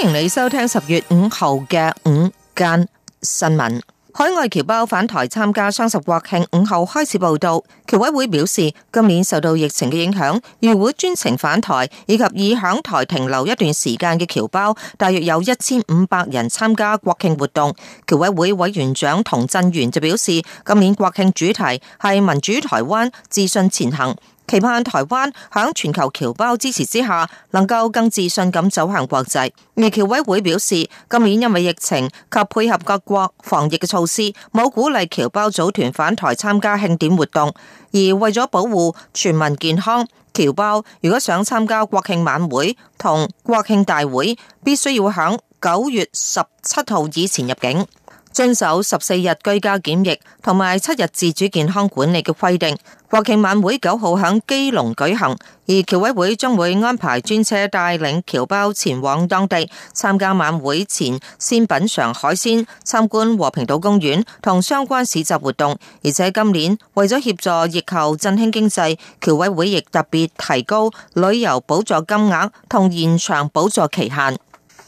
歡迎你收聽十月五號嘅午間新聞。海外僑胞返台參加雙十國慶，五號開始報道。僑委會表示，今年受到疫情嘅影響，僑會專程返台，以及已響台停留一段時間嘅僑胞，大約有一千五百人參加國慶活動。僑委會委員長童振源就表示，今年國慶主題係民主台灣，自信前行。期盼台灣喺全球僑胞支持之下，能夠更自信咁走向國際。而僑委會表示，今年因為疫情及配合各國防疫嘅措施，冇鼓勵僑胞組團返台參加慶典活動。而為咗保護全民健康，僑胞如果想參加國慶晚會同國慶大會，必須要喺九月十七號以前入境。遵守十四日居家檢疫同埋七日自主健康管理嘅規定。國慶晚會九號響基隆舉行，而僑委會將會安排專車帶領僑胞前往當地參加晚會前，先品嘗海鮮、參觀和平島公園同相關市集活動。而且今年為咗協助疫後振興經濟，僑委會亦特別提高旅遊補助金額同延長補助期限。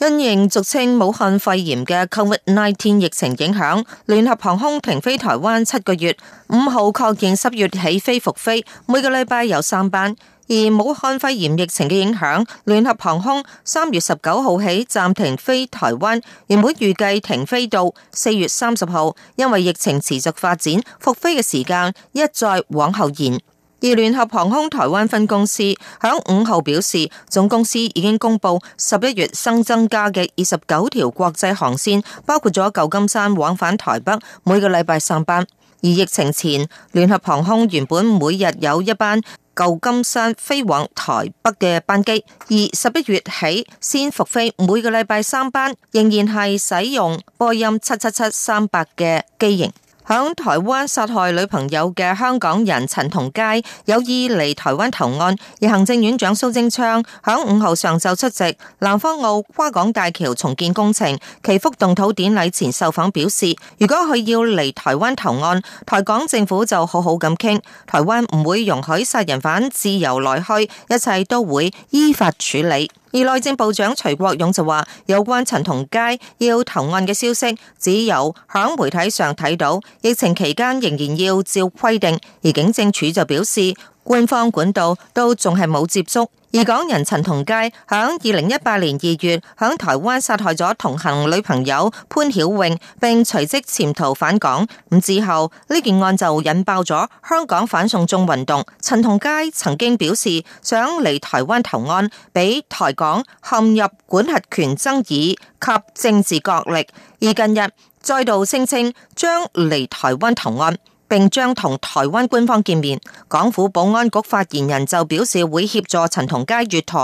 因應俗稱武漢肺炎嘅 COVID-19 疫情影響，聯合航空停飛台灣七個月，五號確認十月起飛復飛，每個禮拜有三班。而武漢肺炎疫情嘅影響，聯合航空三月十九號起暫停飛台灣，原本預計停飛到四月三十號，因為疫情持續發展，復飛嘅時間一再往後延。而聯合航空台灣分公司響五號表示，總公司已經公布十一月新增加嘅二十九條國際航線，包括咗舊金山往返台北每個禮拜三班。而疫情前聯合航空原本每日有一班舊金山飛往台北嘅班機，而十一月起先復飛每個禮拜三班，仍然係使用波音七七七三百嘅機型。響台灣殺害女朋友嘅香港人陳同佳有意嚟台灣投案，而行政院長蘇貞昌響五號上晝出席南方澳跨港大橋重建工程祈福動土典禮前受訪表示：如果佢要嚟台灣投案，台港政府就好好咁傾，台灣唔會容許殺人犯自由來去，一切都會依法處理。而內政部長徐國勇就話：有關陳同佳要投案嘅消息，只有喺媒體上睇到。疫情期間仍然要照規定，而警政署就表示，官方管道都仲係冇接觸，而港人陳同佳響二零一八年二月響台灣殺害咗同行女朋友潘曉穎，並隨即潛逃返港。咁之後呢件案就引爆咗香港反送中運動。陳同佳曾經表示想嚟台灣投案，俾台港陷入管轄權爭議及政治角力，而近日再度聲稱將嚟台灣投案。並將同台灣官方見面。港府保安局發言人就表示會協助陳同佳越台，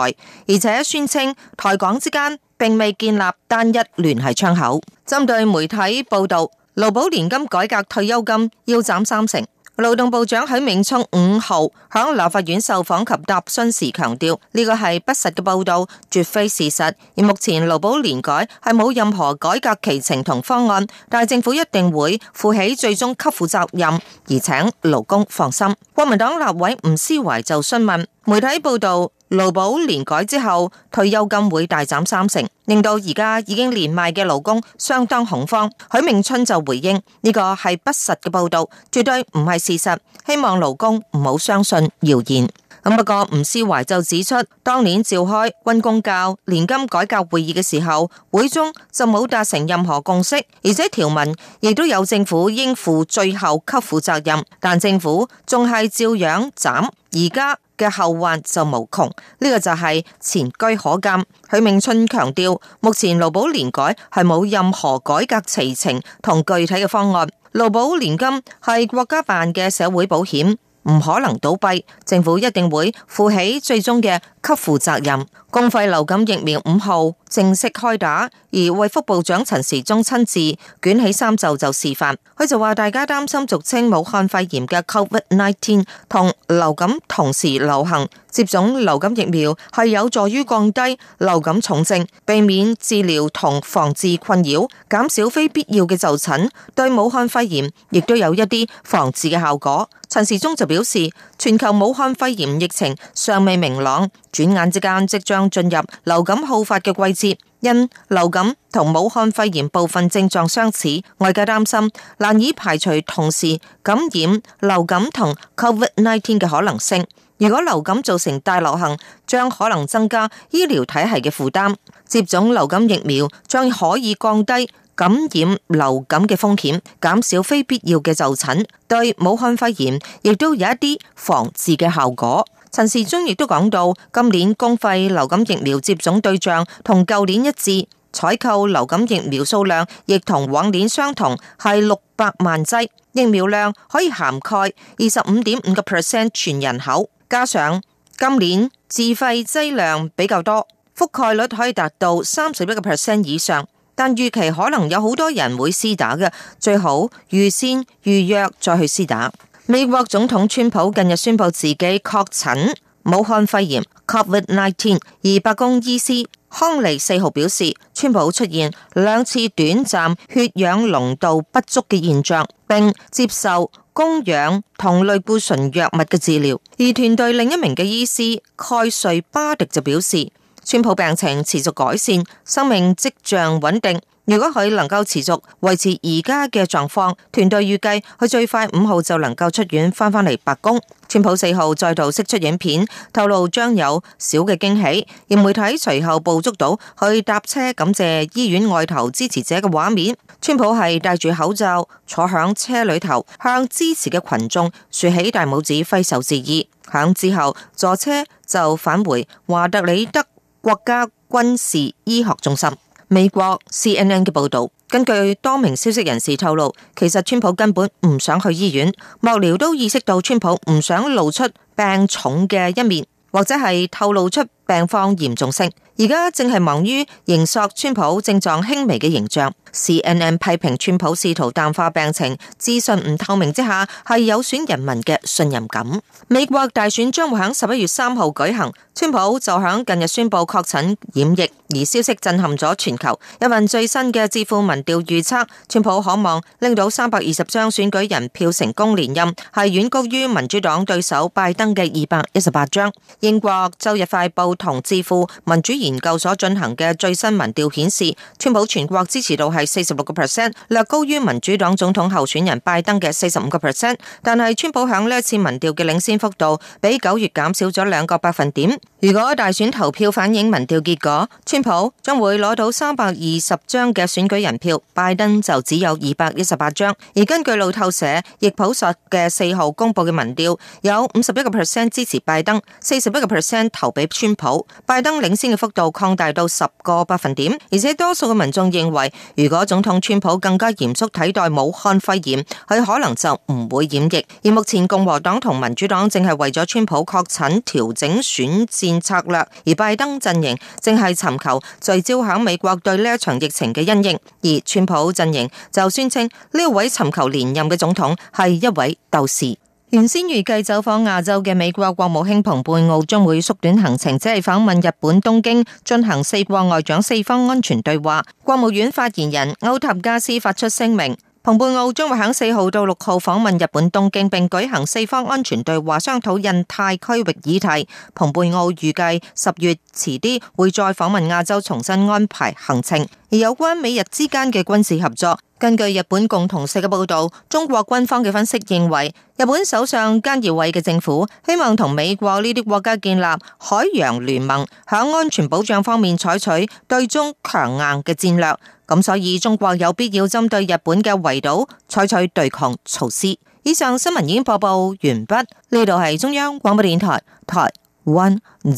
而且宣稱台港之間並未建立單一聯繫窗口。針對媒體報道，勞保年金改革退休金要砍三成。勞動部長許銘春五號響立法院受訪及答詢時強調，呢個係不實嘅報道，絕非事實。而目前勞保年改係冇任何改革期程同方案，但政府一定會負起最終給付責任，而請勞工放心。國民黨立委吳思維就詢問媒體報道。勞保年改之後，退休金會大斬三成，令到而家已經年邁嘅勞工相當恐慌。許銘春就回應：呢、這個係不實嘅報道，絕對唔係事實。希望勞工唔好相信謠言。咁不過吳思懷就指出，當年召開軍公教年金改革會議嘅時候，會中就冇達成任何共識，而且條文亦都有政府應負最後給付責任，但政府仲係照樣斬。而家嘅後患就無窮，呢、這個就係前車可鑑。許銘春強調目前勞保年改係冇任何改革齊程同具體嘅方案。勞保年金係國家辦嘅社會保險唔可能倒閉，政府一定會負起最終嘅給付責任。公費流感疫苗五號正式開打，而衛福部長陳時中親自捲起衫袖就示範。佢就話：大家擔心俗稱武漢肺炎嘅 COVID-19 同流感同時流行，接種流感疫苗係有助於降低流感重症，避免治療同防治困擾，減少非必要嘅就診，對武漢肺炎亦都有一啲防治嘅效果。陳時中就表示：全球武漢肺炎疫情尚未明朗，轉眼之間即將。進入流感好發嘅季節，因流感同武漢肺炎部分症狀相似，外界擔心難以排除同時感染流感同 COVID-19 嘅可能性。如果流感造成大流行，將可能增加醫療體系嘅負擔。接種流感疫苗將可以降低感染流感嘅風險，減少非必要嘅就診，對武漢肺炎亦都有一啲防治嘅效果。陳時中亦都講到，今年公費流感疫苗接種對象同舊年一致，採購流感疫苗數量亦同往年相同，係六百萬劑，疫苗量可以涵蓋二十五點五個 percent 全人口。加上今年自費劑量比較多，覆蓋率可以達到三十一個 percent 以上，但預期可能有好多人會私打嘅，最好預先預約再去私打。美國總統川普近日宣布自己確診武漢肺炎 （COVID-19），而白宮醫師康利四號表示，川普出現兩次短暫血氧濃度不足嘅現象，並接受供氧同類固醇藥物嘅治療。而團隊另一名嘅醫師蓋瑞巴迪就表示，川普病情持續改善，生命跡象穩定。如果佢能夠持續維持而家嘅狀況，團隊預計佢最快五號就能夠出院翻返嚟白宮。川普四號再度釋出影片，透露將有小嘅驚喜，而媒體隨後捕捉到佢搭車感謝醫院外頭支持者嘅畫面。川普係戴住口罩坐響車裏頭向支持嘅群眾豎起大拇指揮手致意。響之後坐車就返回華特里德國家軍事醫學中心。美國 CNN 嘅報道，根據多名消息人士透露，其實川普根本唔想去醫院，幕僚都意識到川普唔想露出病重嘅一面，或者係透露出病況嚴重性。而家正係忙於營索川普症狀輕微嘅形象。CNN 批評川普試圖淡化病情，資訊唔透明之下係有損人民嘅信任感。美國大選將會喺十一月三號舉行，川普就喺近日宣布確診染疫，而消息震撼咗全球。一份最新嘅智庫民調預測，川普可望拎到三百二十張選舉人票成功連任，係遠高於民主黨對手拜登嘅二百一十八張。英國周日快報同智庫民主研究所進行嘅最新民調顯示，川普全國支持度係四十六個 percent，略高於民主黨總統候選人拜登嘅四十五個 percent。但係川普響呢一次民調嘅領先幅度，比九月減少咗兩個百分點。如果大選投票反映民調結果，川普將會攞到三百二十張嘅選舉人票，拜登就只有二百一十八張。而根據路透社、易普索嘅四號公佈嘅民調，有五十一個 percent 支持拜登，四十一個 percent 投俾川普，拜登領先嘅幅度擴大到十個百分點，而且多數嘅民眾認為，如果總統川普更加嚴肅睇待武漢肺炎，佢可能就唔會染疫。而目前共和黨同民主黨正係為咗川普確診調整選戰策略，而拜登陣營正係尋求聚焦響美國對呢一場疫情嘅因應，而川普陣營就宣稱呢位尋求連任嘅總統係一位鬥士。原先預計走訪亞洲嘅美國國務卿蓬佩奧將會縮短行程，只係訪問日本東京，進行四國外長四方安全對話。國務院發言人歐塔加斯發出聲明，蓬佩奧將會喺四號到六號訪問日本東京，並舉行四方安全對話，商討印太區域議題。蓬佩奧預計十月遲啲會再訪問亞洲，重新安排行程。而有關美日之間嘅軍事合作。根據日本共同社嘅報道，中國軍方嘅分析認為，日本首相菅義偉嘅政府希望同美國呢啲國家建立海洋聯盟，喺安全保障方面採取對中強硬嘅戰略。咁所以中國有必要針對日本嘅圍堵採取對抗措施。以上新聞已經播報完畢，呢度係中央廣播電台台灣。